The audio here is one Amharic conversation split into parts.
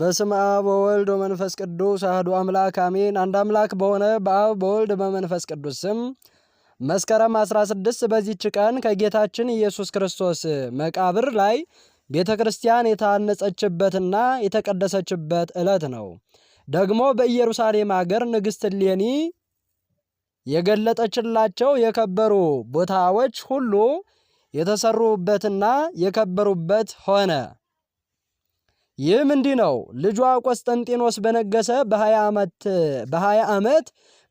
በስም አብ ወወልድ ወመንፈስ ቅዱስ አህዱ አምላክ አሜን። አንድ አምላክ በሆነ በአብ በወልድ በመንፈስ ቅዱስ ስም መስከረም 16 በዚች ቀን ከጌታችን ኢየሱስ ክርስቶስ መቃብር ላይ ቤተ ክርስቲያን የታነጸችበትና የተቀደሰችበት ዕለት ነው። ደግሞ በኢየሩሳሌም አገር ንግሥት ሌኒ የገለጠችላቸው የከበሩ ቦታዎች ሁሉ የተሰሩበትና የከበሩበት ሆነ። ይህም እንዲህ ነው። ልጇ ቆስጠንጢኖስ በነገሰ በሀያ ዓመት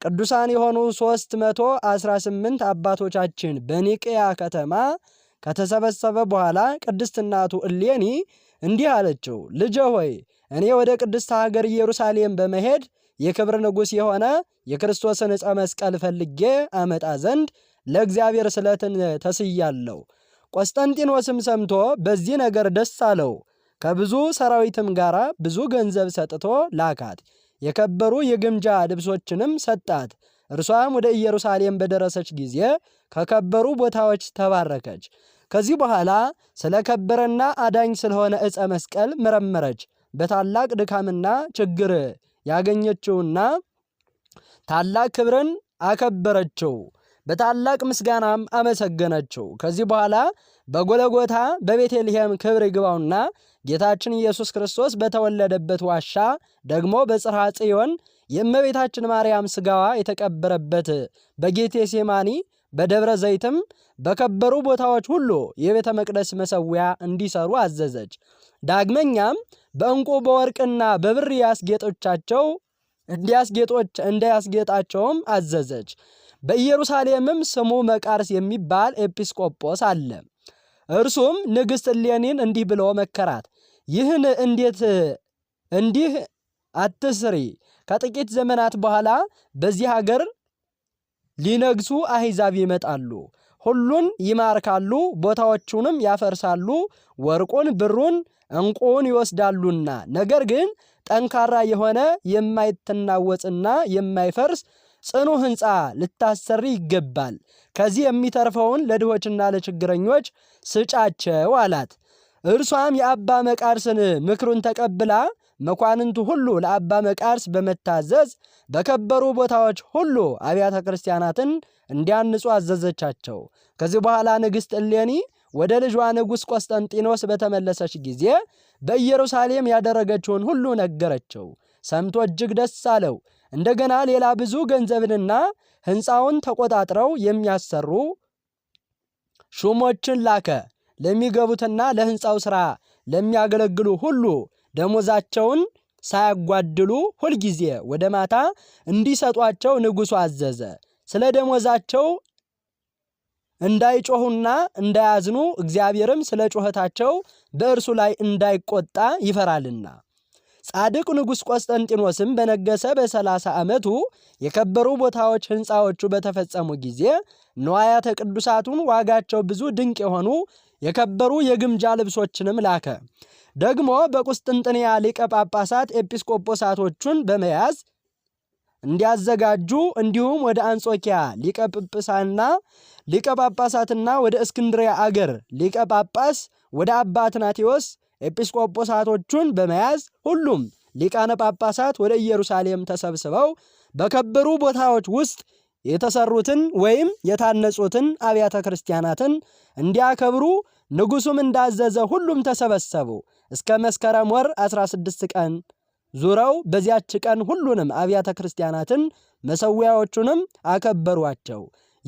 ቅዱሳን የሆኑ ሦስት መቶ አስራ ስምንት አባቶቻችን በኒቅያ ከተማ ከተሰበሰበ በኋላ ቅድስት እናቱ እሌኒ እንዲህ አለችው፣ ልጄ ሆይ እኔ ወደ ቅድስት ሀገር ኢየሩሳሌም በመሄድ የክብር ንጉሥ የሆነ የክርስቶስን ዕፀ መስቀል ፈልጌ አመጣ ዘንድ ለእግዚአብሔር ስለትን ተስያለሁ። ቆስጠንጢኖስም ሰምቶ በዚህ ነገር ደስ አለው። ከብዙ ሰራዊትም ጋር ብዙ ገንዘብ ሰጥቶ ላካት። የከበሩ የግምጃ ልብሶችንም ሰጣት። እርሷም ወደ ኢየሩሳሌም በደረሰች ጊዜ ከከበሩ ቦታዎች ተባረከች። ከዚህ በኋላ ስለ ከበረና አዳኝ ስለሆነ ዕፀ መስቀል መረመረች። በታላቅ ድካምና ችግር ያገኘችውና ታላቅ ክብርን አከበረችው። በታላቅ ምስጋናም አመሰገነችው። ከዚህ በኋላ በጎለጎታ በቤተልሔም ክብር ይግባውና ጌታችን ኢየሱስ ክርስቶስ በተወለደበት ዋሻ ደግሞ በጽርሐ ጽዮን የእመቤታችን ማርያም ሥጋዋ የተቀበረበት በጌቴሴማኒ በደብረ ዘይትም በከበሩ ቦታዎች ሁሉ የቤተ መቅደስ መሠዊያ እንዲሰሩ አዘዘች። ዳግመኛም በእንቁ በወርቅና በብር ያስጌጦቻቸው እንዲያስጌጦች እንዳያስጌጣቸውም አዘዘች። በኢየሩሳሌምም ስሙ መቃርስ የሚባል ኤጲስቆጶስ አለ። እርሱም ንግሥት እሌኒን እንዲህ ብሎ መከራት፣ ይህን እንዴት እንዲህ አትስሪ። ከጥቂት ዘመናት በኋላ በዚህ ሀገር ሊነግሱ አሕዛብ ይመጣሉ። ሁሉን ይማርካሉ፣ ቦታዎቹንም ያፈርሳሉ፣ ወርቁን ብሩን እንቁን ይወስዳሉና። ነገር ግን ጠንካራ የሆነ የማይትናወጽና የማይፈርስ ጽኑ ሕንፃ ልታሰሪ ይገባል። ከዚህ የሚተርፈውን ለድሆችና ለችግረኞች ስጫቸው አላት። እርሷም የአባ መቃርስን ምክሩን ተቀብላ መኳንንቱ ሁሉ ለአባ መቃርስ በመታዘዝ በከበሩ ቦታዎች ሁሉ አብያተ ክርስቲያናትን እንዲያንጹ አዘዘቻቸው። ከዚህ በኋላ ንግሥት እሌኒ ወደ ልጇ ንጉሥ ቆስጠንጢኖስ በተመለሰች ጊዜ በኢየሩሳሌም ያደረገችውን ሁሉ ነገረችው። ሰምቶ እጅግ ደስ አለው። እንደገና ሌላ ብዙ ገንዘብንና ሕንፃውን ተቆጣጥረው የሚያሰሩ ሹሞችን ላከ። ለሚገቡትና ለሕንፃው ሥራ ለሚያገለግሉ ሁሉ ደሞዛቸውን ሳያጓድሉ ሁልጊዜ ወደ ማታ እንዲሰጧቸው ንጉሡ አዘዘ። ስለ ደሞዛቸው እንዳይጮኹና እንዳያዝኑ እግዚአብሔርም ስለ ጩኸታቸው በእርሱ ላይ እንዳይቆጣ ይፈራልና። ጻድቅ ንጉሥ ቆስጠንጢኖስም በነገሰ በሰላሳ ዓመቱ የከበሩ ቦታዎች ሕንፃዎቹ በተፈጸሙ ጊዜ ንዋያተ ቅዱሳቱን ዋጋቸው ብዙ ድንቅ የሆኑ የከበሩ የግምጃ ልብሶችንም ላከ። ደግሞ በቁስጥንጥንያ ሊቀ ጳጳሳት ኤጲስቆጶሳቶቹን በመያዝ እንዲያዘጋጁ እንዲሁም ወደ አንጾኪያ ሊቀ ጵጵሳና ሊቀ ጳጳሳትና ወደ እስክንድሪያ አገር ሊቀ ጳጳስ ወደ አባ ኤጲስቆጶሳቶቹን በመያዝ ሁሉም ሊቃነ ጳጳሳት ወደ ኢየሩሳሌም ተሰብስበው በከበሩ ቦታዎች ውስጥ የተሰሩትን ወይም የታነጹትን አብያተ ክርስቲያናትን እንዲያከብሩ ንጉሡም እንዳዘዘ ሁሉም ተሰበሰቡ። እስከ መስከረም ወር 16 ቀን ዙረው በዚያች ቀን ሁሉንም አብያተ ክርስቲያናትን መሰዊያዎቹንም አከበሯቸው።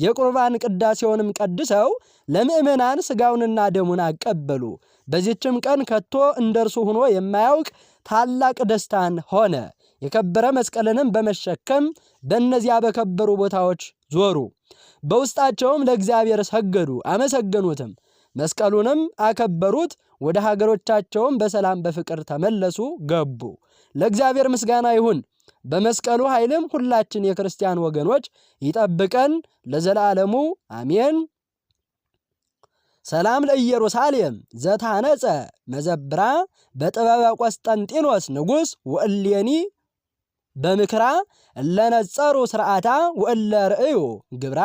የቁርባን ቅዳሴውንም ቀድሰው ለምእመናን ሥጋውንና ደሙን አቀበሉ። በዚችም ቀን ከቶ እንደርሱ ሆኖ የማያውቅ ታላቅ ደስታን ሆነ። የከበረ መስቀልንም በመሸከም በእነዚያ በከበሩ ቦታዎች ዞሩ። በውስጣቸውም ለእግዚአብሔር ሰገዱ፣ አመሰገኑትም። መስቀሉንም አከበሩት። ወደ ሀገሮቻቸውም በሰላም በፍቅር ተመለሱ ገቡ። ለእግዚአብሔር ምስጋና ይሁን። በመስቀሉ ኃይልም ሁላችን የክርስቲያን ወገኖች ይጠብቀን ለዘላለሙ አሜን። ሰላም ለኢየሩሳሌም ዘታነጸ መዘብራ በጥበበ ቆስጠንጢኖስ ንጉሥ ወእሌኒ በምክራ እለነጸሩ ስርዓታ ወእለ ርእዩ ግብራ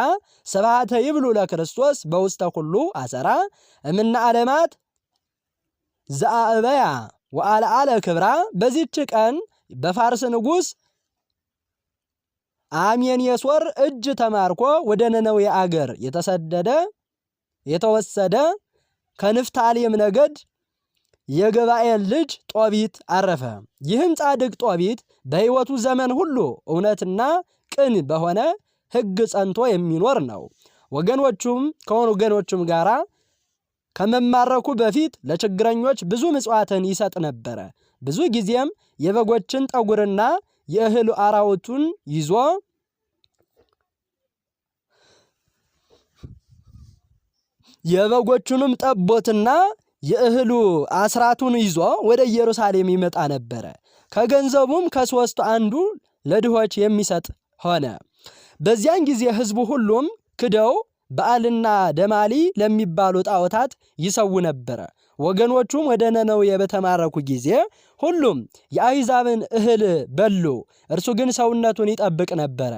ስብሐተ ይብሉ ለክርስቶስ በውስተ ኩሉ አሰራ እምነ ዓለማት ዘአእበያ ወአልዓለ ክብራ። በዚች ቀን በፋርስ ንጉሥ አሜንየሶር እጅ ተማርኮ ወደ ነነዌ አገር የተሰደደ የተወሰደ ከንፍታሊም ነገድ የገባኤል ልጅ ጦቢት አረፈ። ይህም ጻድቅ ጦቢት በሕይወቱ ዘመን ሁሉ እውነትና ቅን በሆነ ሕግ ጸንቶ የሚኖር ነው። ወገኖቹም ከሆኑ ወገኖቹም ጋር ከመማረኩ በፊት ለችግረኞች ብዙ ምጽዋትን ይሰጥ ነበረ። ብዙ ጊዜም የበጎችን ጠጉርና የእህል አራውቱን ይዞ የበጎቹንም ጠቦትና የእህሉ አስራቱን ይዞ ወደ ኢየሩሳሌም ይመጣ ነበረ። ከገንዘቡም ከሦስቱ አንዱ ለድሆች የሚሰጥ ሆነ። በዚያን ጊዜ ሕዝቡ ሁሉም ክደው በዓልና ደማሊ ለሚባሉ ጣዖታት ይሰው ነበረ። ወገኖቹም ወደ ነነዌ በተማረኩ ጊዜ ሁሉም የአሕዛብን እህል በሉ። እርሱ ግን ሰውነቱን ይጠብቅ ነበረ፣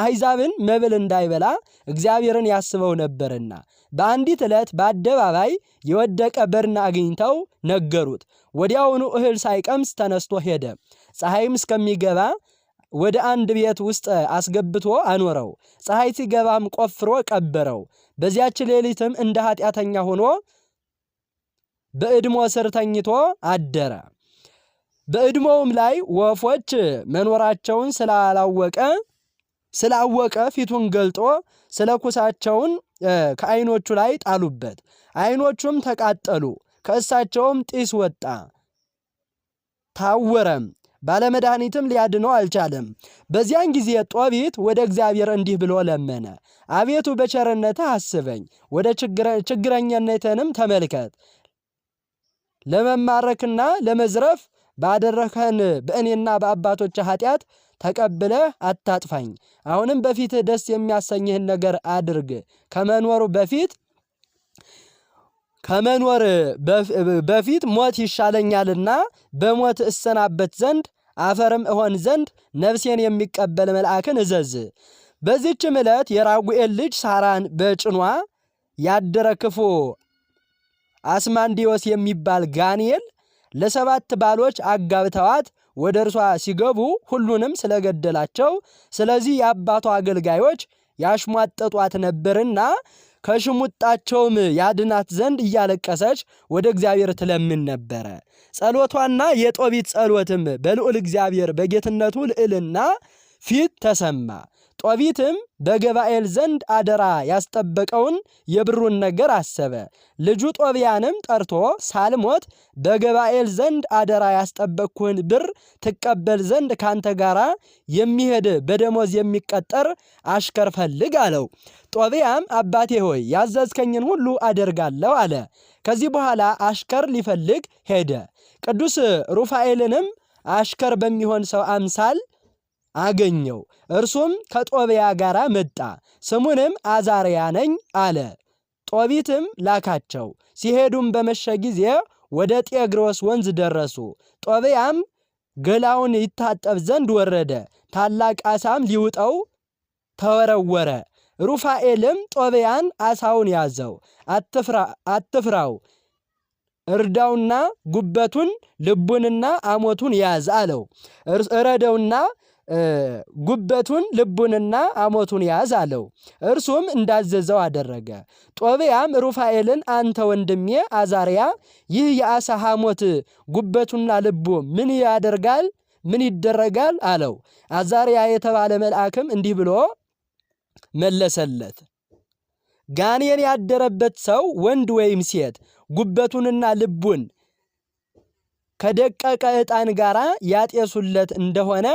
አሕዛብን መብል እንዳይበላ እግዚአብሔርን ያስበው ነበርና። በአንዲት ዕለት በአደባባይ የወደቀ በርና አግኝተው ነገሩት። ወዲያውኑ እህል ሳይቀምስ ተነስቶ ሄደ። ፀሐይም እስከሚገባ ወደ አንድ ቤት ውስጥ አስገብቶ አኖረው። ፀሐይ ሲገባም ቆፍሮ ቀበረው። በዚያች ሌሊትም እንደ ኃጢአተኛ ሆኖ በእድሞ ስር ተኝቶ አደረ። በእድሞውም ላይ ወፎች መኖራቸውን ስላላወቀ ስላወቀ ፊቱን ገልጦ ስለ ኩሳቸውን ከዓይኖቹ ላይ ጣሉበት። ዓይኖቹም ተቃጠሉ፣ ከእሳቸውም ጢስ ወጣ፣ ታወረም። ባለመድኃኒትም ሊያድነው አልቻለም። በዚያን ጊዜ ጦቢት ወደ እግዚአብሔር እንዲህ ብሎ ለመነ። አቤቱ በቸርነትህ አስበኝ፣ ወደ ችግረኝነትንም ተመልከት። ለመማረክና ለመዝረፍ ባደረከን በእኔና በአባቶች ኃጢአት ተቀብለህ አታጥፋኝ። አሁንም በፊትህ ደስ የሚያሰኝህን ነገር አድርግ። ከመኖሩ በፊት ከመኖር በፊት ሞት ይሻለኛልና በሞት እሰናበት ዘንድ አፈርም እሆን ዘንድ ነፍሴን የሚቀበል መልአክን እዘዝ። በዚህችም ዕለት የራጉኤል ልጅ ሳራን በጭኗ ያደረ ክፉ አስማንዲዮስ የሚባል ጋንኤል ለሰባት ባሎች አጋብተዋት ወደ እርሷ ሲገቡ ሁሉንም ስለገደላቸው፣ ስለዚህ የአባቷ አገልጋዮች ያሽሟጠጧት ነበርና ከሽሙጣቸውም ያድናት ዘንድ እያለቀሰች ወደ እግዚአብሔር ትለምን ነበረ። ጸሎቷና የጦቢት ጸሎትም በልዑል እግዚአብሔር በጌትነቱ ልዕልና ፊት ተሰማ። ጦቢትም በገባኤል ዘንድ አደራ ያስጠበቀውን የብሩን ነገር አሰበ። ልጁ ጦቢያንም ጠርቶ ሳልሞት በገባኤል ዘንድ አደራ ያስጠበቅኩህን ብር ትቀበል ዘንድ ካንተ ጋር የሚሄድ በደሞዝ የሚቀጠር አሽከር ፈልግ አለው። ጦቢያም አባቴ ሆይ ያዘዝከኝን ሁሉ አደርጋለሁ አለ። ከዚህ በኋላ አሽከር ሊፈልግ ሄደ። ቅዱስ ሩፋኤልንም አሽከር በሚሆን ሰው አምሳል አገኘው። እርሱም ከጦቢያ ጋር መጣ። ስሙንም አዛርያ ነኝ አለ። ጦቢትም ላካቸው። ሲሄዱም በመሸ ጊዜ ወደ ጤግሮስ ወንዝ ደረሱ። ጦቢያም ገላውን ይታጠብ ዘንድ ወረደ። ታላቅ አሳም ሊውጠው ተወረወረ። ሩፋኤልም ጦቢያን አሳውን ያዘው፣ አትፍራው እርዳውና ጉበቱን ልቡንና አሞቱን ያዝ አለው። እረደውና ጉበቱን ልቡንና አሞቱን ያዝ አለው። እርሱም እንዳዘዘው አደረገ። ጦብያም ሩፋኤልን አንተ ወንድሜ አዛርያ፣ ይህ የአሳ ሐሞት ጉበቱና ልቡ ምን ያደርጋል? ምን ይደረጋል? አለው። አዛርያ የተባለ መልአክም እንዲህ ብሎ መለሰለት ጋኔን ያደረበት ሰው ወንድ ወይም ሴት ጉበቱንና ልቡን ከደቀቀ ዕጣን ጋር ያጤሱለት እንደሆነ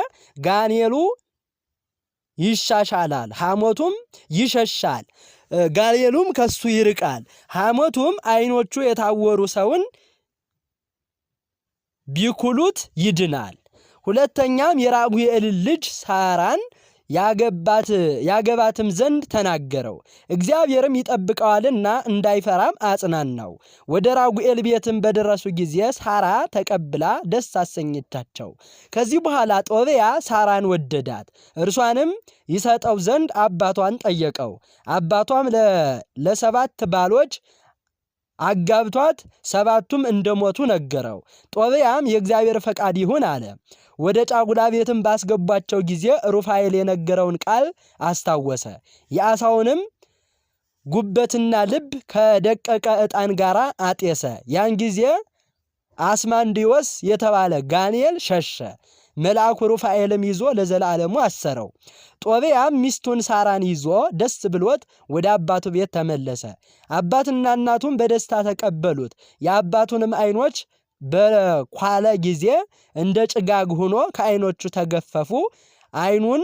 ጋኔሉ ይሻሻላል፣ ሐሞቱም ይሸሻል፣ ጋኔሉም ከሱ ይርቃል። ሐሞቱም አይኖቹ የታወሩ ሰውን ቢኩሉት ይድናል። ሁለተኛም የራጉኤልን ልጅ ሳራን ያገባት ያገባትም ዘንድ ተናገረው። እግዚአብሔርም ይጠብቀዋልና እንዳይፈራም አጽናናው። ወደ ራጉኤል ቤትም በደረሱ ጊዜ ሳራ ተቀብላ ደስ አሰኘቻቸው። ከዚህ በኋላ ጦቢያ ሳራን ወደዳት፣ እርሷንም ይሰጠው ዘንድ አባቷን ጠየቀው። አባቷም ለሰባት ባሎች አጋብቷት ሰባቱም እንደሞቱ ነገረው። ጦብያም የእግዚአብሔር ፈቃድ ይሁን አለ። ወደ ጫጉላ ቤትም ባስገቧቸው ጊዜ ሩፋኤል የነገረውን ቃል አስታወሰ። የአሳውንም ጉበትና ልብ ከደቀቀ ዕጣን ጋር አጤሰ። ያን ጊዜ አስማንዲዮስ የተባለ ጋንኤል ሸሸ። መልአኩ ሩፋኤልም ይዞ ለዘላለሙ አሰረው። ጦቢያም ሚስቱን ሳራን ይዞ ደስ ብሎት ወደ አባቱ ቤት ተመለሰ። አባትና እናቱም በደስታ ተቀበሉት። የአባቱንም ዓይኖች በኳለ ጊዜ እንደ ጭጋግ ሆኖ ከዓይኖቹ ተገፈፉ። ዓይኑን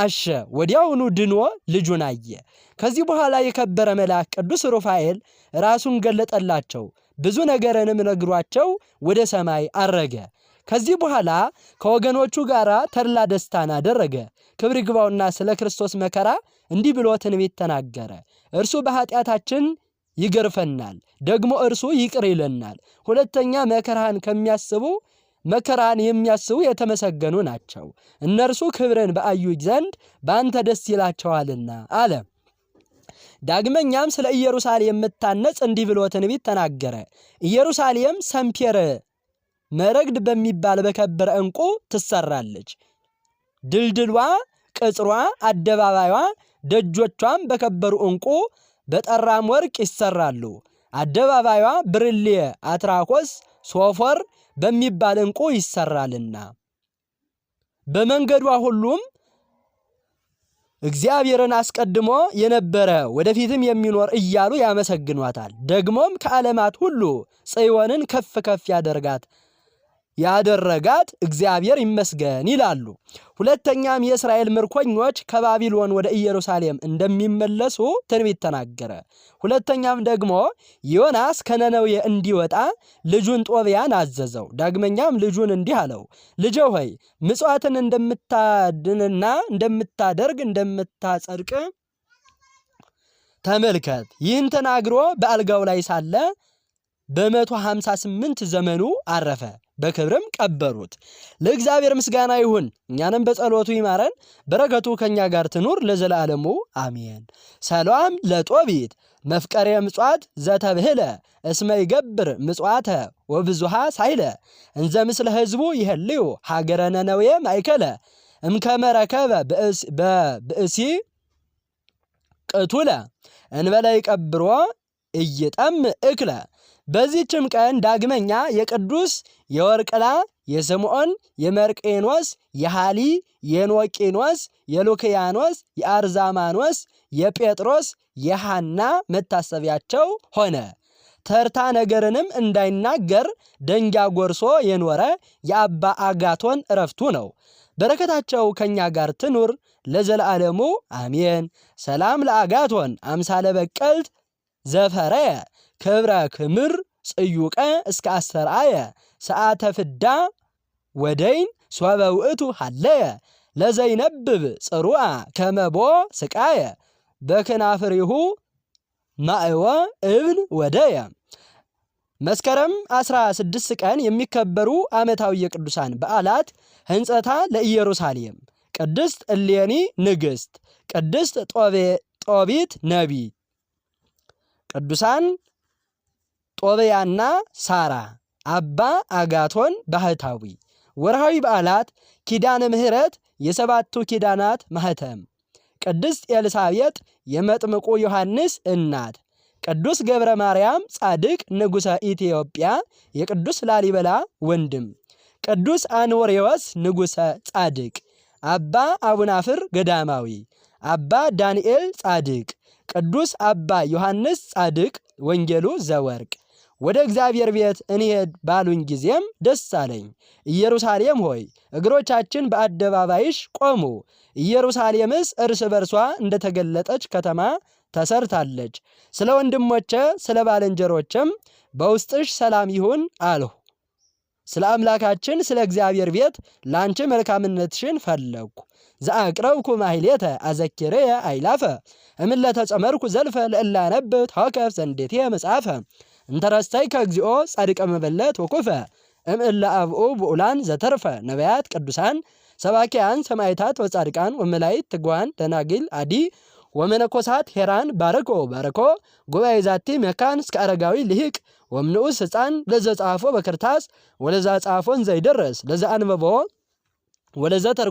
አሸ ወዲያውኑ ድኖ ልጁን አየ። ከዚህ በኋላ የከበረ መልአክ ቅዱስ ሩፋኤል ራሱን ገለጠላቸው። ብዙ ነገርንም ነግሯቸው ወደ ሰማይ አረገ። ከዚህ በኋላ ከወገኖቹ ጋር ተድላ ደስታን አደረገ። ክብር ይግባውና ስለ ክርስቶስ መከራ እንዲህ ብሎ ትንቢት ተናገረ። እርሱ በኃጢአታችን ይገርፈናል፣ ደግሞ እርሱ ይቅር ይለናል። ሁለተኛ መከራን ከሚያስቡ መከራን የሚያስቡ የተመሰገኑ ናቸው፣ እነርሱ ክብርን በአዩ ዘንድ በአንተ ደስ ይላቸዋልና አለ። ዳግመኛም ስለ ኢየሩሳሌም የምታነጽ እንዲህ ብሎ ትንቢት ተናገረ። ኢየሩሳሌም ሰምፔር መረግድ በሚባል በከበረ እንቁ ትሰራለች። ድልድሏ፣ ቅጽሯ፣ አደባባዩዋ፣ ደጆቿም በከበሩ እንቁ በጠራም ወርቅ ይሰራሉ። አደባባዩዋ ብርሌ፣ አትራኮስ፣ ሶፎር በሚባል እንቁ ይሰራልና በመንገዷ ሁሉም እግዚአብሔርን አስቀድሞ የነበረ ወደፊትም የሚኖር እያሉ ያመሰግኗታል። ደግሞም ከዓለማት ሁሉ ጽዮንን ከፍ ከፍ ያደርጋት ያደረጋት እግዚአብሔር ይመስገን ይላሉ። ሁለተኛም የእስራኤል ምርኮኞች ከባቢሎን ወደ ኢየሩሳሌም እንደሚመለሱ ትንቢት ተናገረ። ሁለተኛም ደግሞ ዮናስ ከነነዌ እንዲወጣ ልጁን ጦቢያን አዘዘው። ዳግመኛም ልጁን እንዲህ አለው፣ ልጄ ሆይ ምጽዋትን እንደምታድንና እንደምታደርግ እንደምታጸድቅ ተመልከት። ይህን ተናግሮ በአልጋው ላይ ሳለ በመቶ ሃምሳ ስምንት ዘመኑ አረፈ። በክብርም ቀበሩት። ለእግዚአብሔር ምስጋና ይሁን፣ እኛንም በጸሎቱ ይማረን፣ በረከቱ ከእኛ ጋር ትኑር ለዘላለሙ አሜን። ሰላም ለጦቢት መፍቀሬ ምጽዋት ዘተብህለ እስመ ይገብር ምጽዋተ ወብዙሃ ሳይለ እንዘ ምስለ ህዝቡ ይህልዩ ሀገረ ነነዌ ማይከለ እምከመረከበ በብእሲ ቅቱለ እንበለ ይቀብሮ እይጠም እክለ በዚህችም ቀን ዳግመኛ የቅዱስ የወርቅላ የስምዖን የመርቄኖስ የሃሊ የኖቄኖስ የሉክያኖስ የአርዛማኖስ የጴጥሮስ የሃና መታሰቢያቸው ሆነ። ተርታ ነገርንም እንዳይናገር ደንጊያ ጎርሶ የኖረ የአባ አጋቶን እረፍቱ ነው። በረከታቸው ከእኛ ጋር ትኑር ለዘላለሙ አሜን። ሰላም ለአጋቶን አምሳለ በቀልት ዘፈረ ክብረ ክምር ጽዩቀ እስከ አስተርአየ ሰዓተ ፍዳ ወደይን ሶበ ውእቱ ለዘይነብብ ጽሩአ ከመቦ ስቃየ በክናፍሪሁ ማእወ እብን ወደየ። መስከረም 16 ቀን የሚከበሩ ዓመታዊ የቅዱሳን በዓላት ህንጸታ ለኢየሩሳሌም፣ ቅድስት እሌኒ ንግሥት፣ ቅድስት ጦቢት ነቢ ቅዱሳን ጦበያና ሳራ፣ አባ አጋቶን ባህታዊ። ወርሃዊ በዓላት ኪዳነ ምሕረት የሰባቱ ኪዳናት ማህተም ቅድስት ኤልሳቤጥ የመጥምቁ ዮሐንስ እናት፣ ቅዱስ ገብረ ማርያም ጻድቅ ንጉሠ ኢትዮጵያ የቅዱስ ላሊበላ ወንድም፣ ቅዱስ አንወሬዎስ ንጉሠ ጻድቅ፣ አባ አቡናፍር ገዳማዊ፣ አባ ዳንኤል ጻድቅ፣ ቅዱስ አባ ዮሐንስ ጻድቅ ወንጌሉ ዘወርቅ ወደ እግዚአብሔር ቤት እንሄድ ባሉኝ ጊዜም ደስ አለኝ። ኢየሩሳሌም ሆይ እግሮቻችን በአደባባይሽ ቆሙ። ኢየሩሳሌምስ እርስ በርሷ እንደተገለጠች ከተማ ተሰርታለች። ስለ ወንድሞቼ ስለ ባልንጀሮችም በውስጥሽ ሰላም ይሁን አልሁ። ስለ አምላካችን ስለ እግዚአብሔር ቤት ለአንቺ መልካምነትሽን ፈለግኩ። ዘአቅረብኩ ማሕሌተ አዘኪሬ አይላፈ እምለተጸመርኩ ዘልፈ ለእላነብብ ታከፍ ዘንዴቴ መጻፈ እንተረስተይ ከእግዚኦ ጻድቀ መበለት ወኮፈ እምእለ አብኡ ብኡላን ዘተርፈ ነቢያት ቅዱሳን ሰባኪያን ሰማይታት ወጻድቃን ወመላይት ትጓን ደናግል አዲ ወመነኮሳት ሄራን ባረኮ ባረኮ ጉባኤ ዛቲ መካን እስከ አረጋዊ ልሂቅ ወምንኡስ ህፃን ለዘ ጻፎ በክርታስ ወለዛ ጻፎን ዘይደረስ ለዛ አንበቦ ወለዘ ተር